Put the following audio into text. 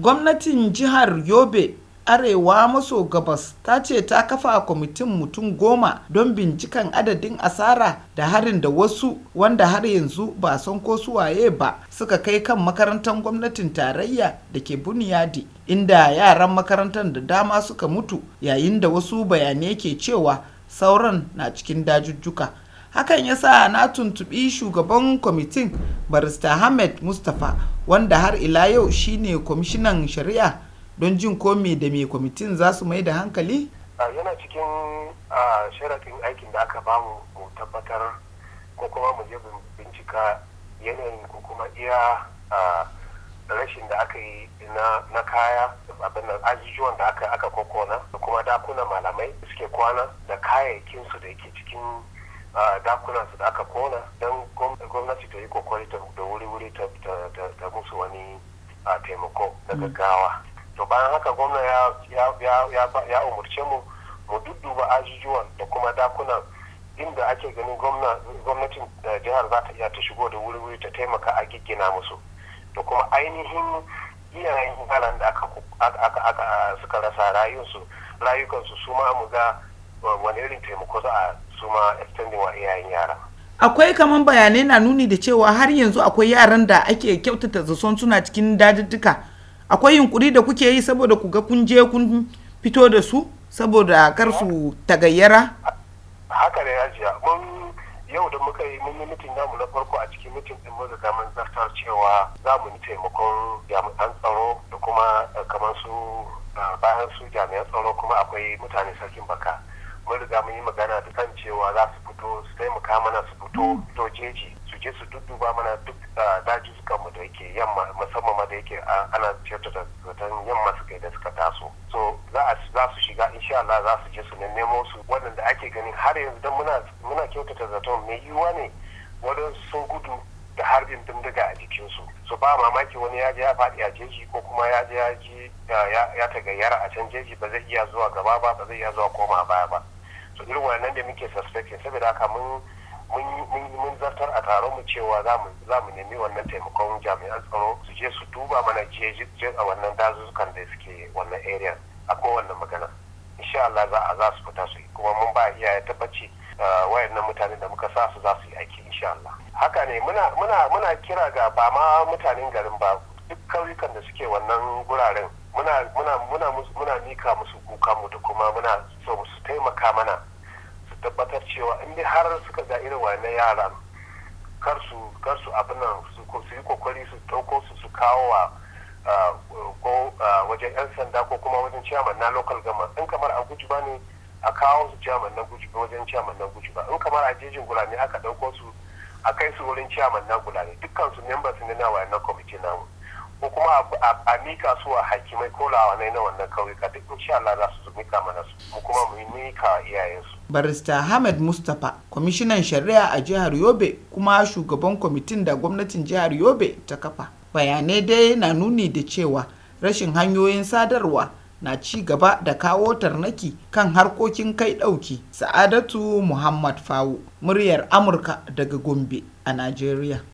Gwamnatin Jihar Yobe Arewa maso Gabas ta ce ta kafa kwamitin mutum goma don binciken adadin asara da harin da wasu, wanda har yanzu ba son san ko su ba, suka kai kan makarantar gwamnatin tarayya da ke Bunyadi, inda yaran makarantar da dama suka mutu, yayin da wasu bayanai ke cewa sauran na cikin dajujjuka. hakan ya sa na tuntubi shugaban kwamitin barista ahmed mustapha wanda har ila yau shine kwamishinan shari'a don jin komi da mai kwamitin za su mai da hankali yana cikin sharaɗin aikin da aka bamu mu tabbatar ko kuma mu je bincika yanayin ko kuma iya rashin da aka yi na kaya abin nan da aka kokona da kuma dakunan malamai suke kwana da kayayyakinsu da yake cikin dakunan su da aka kona don gwamnati ta yi kokari da wuri-wuri ta musu wani taimako na mm. gaggawa to bayan haka gwamna ya umarce mu mu dudduba ajujuwan da kuma dakunan inda ake ganin gwamnatin eh, jihar za ta iya ta shigo da wuri-wuri ta taimaka a giggina musu da kuma ainihin iyayen halan da aka suka rasa rayukansu su ma mu ga wani irin taimako za a suma extending wa iyayen yara akwai kamar bayanai na nuni da cewa har yanzu akwai yaran da ake kyautata zason suna cikin dajijjika akwai yunkuri da kuke yi saboda ku ga kun je kun fito da su saboda kar su tagayyara haka ne ajiya mun yau da muka yi mun yi mitin namu na farko a cikin mitin din mun riga zartar cewa za mu yi taimakon jami'an tsaro da kuma eh, kamar su eh, bayan su jami'an tsaro kuma akwai mutane sarkin baka mun riga mun yi magana da kan cewa za su fito su taimaka mana su fito to jeji su je su dudduba mana duk suka ah, mu da yake yamma musamman ma da yake ana ciyarta da zaton yamma suka yi da suka taso so za su shiga insha Allah za su je su nemo su waɗanda ake ganin har yanzu dan muna muna kyautata zaton mai yiwuwa ne wadansu sun gudu da harbin bindiga a jikinsu su ba mamaki wani ya je ya faɗi a jeji ko kuma ya je ya ji ya tagayyara a can jeji ba zai iya zuwa gaba ba ba zai iya zuwa koma baya ba irin wannan da muke suspecting saboda haka mun mun zartar a taron mu cewa za mu nemi wannan taimakon jami'an tsaro su je su duba mana jejin a wannan dazuzzukan da suke wannan area a wannan magana insha Allah za a za su fita su kuma mun ba iyaye tabbaci eh, wayannan mutane da muka sa su za su yi aiki insha Allah haka ne muna muna muna kira ga ba ma mutanen garin ba duk kauyukan da suke wannan guraren muna muna muna muna mika musu kuka mu da kuma muna so taimaka mana su tabbatar cewa in dai har suka ga irin wane yara kar su kar su abin nan su yi kokari su ɗauko su su kawo wa ko wajen yan sanda ko kuma wajen chairman na local government in kamar a guji ba ne a kawo su chairman na guji wajen chairman na guji ba in kamar a jejin gulani aka ɗauko su a kai su wurin chairman na gulani dukkan su members ne na wayan na kwamiti namu ko kuma a mika su a hakimai ko lawanai na wannan kauyuka duk insha Allah za su mika mana su mu kuma mu mika iyayensu. Barista Ahmed Mustapha, kwamishinan shari'a a jihar Yobe kuma shugaban kwamitin da gwamnatin jihar Yobe ta kafa. Bayanai dai na nuni da cewa rashin hanyoyin sadarwa na ci gaba da kawo tarnaki kan harkokin kai ɗauki. Sa'adatu Muhammad Fawo, muryar Amurka daga Gombe a Najeriya.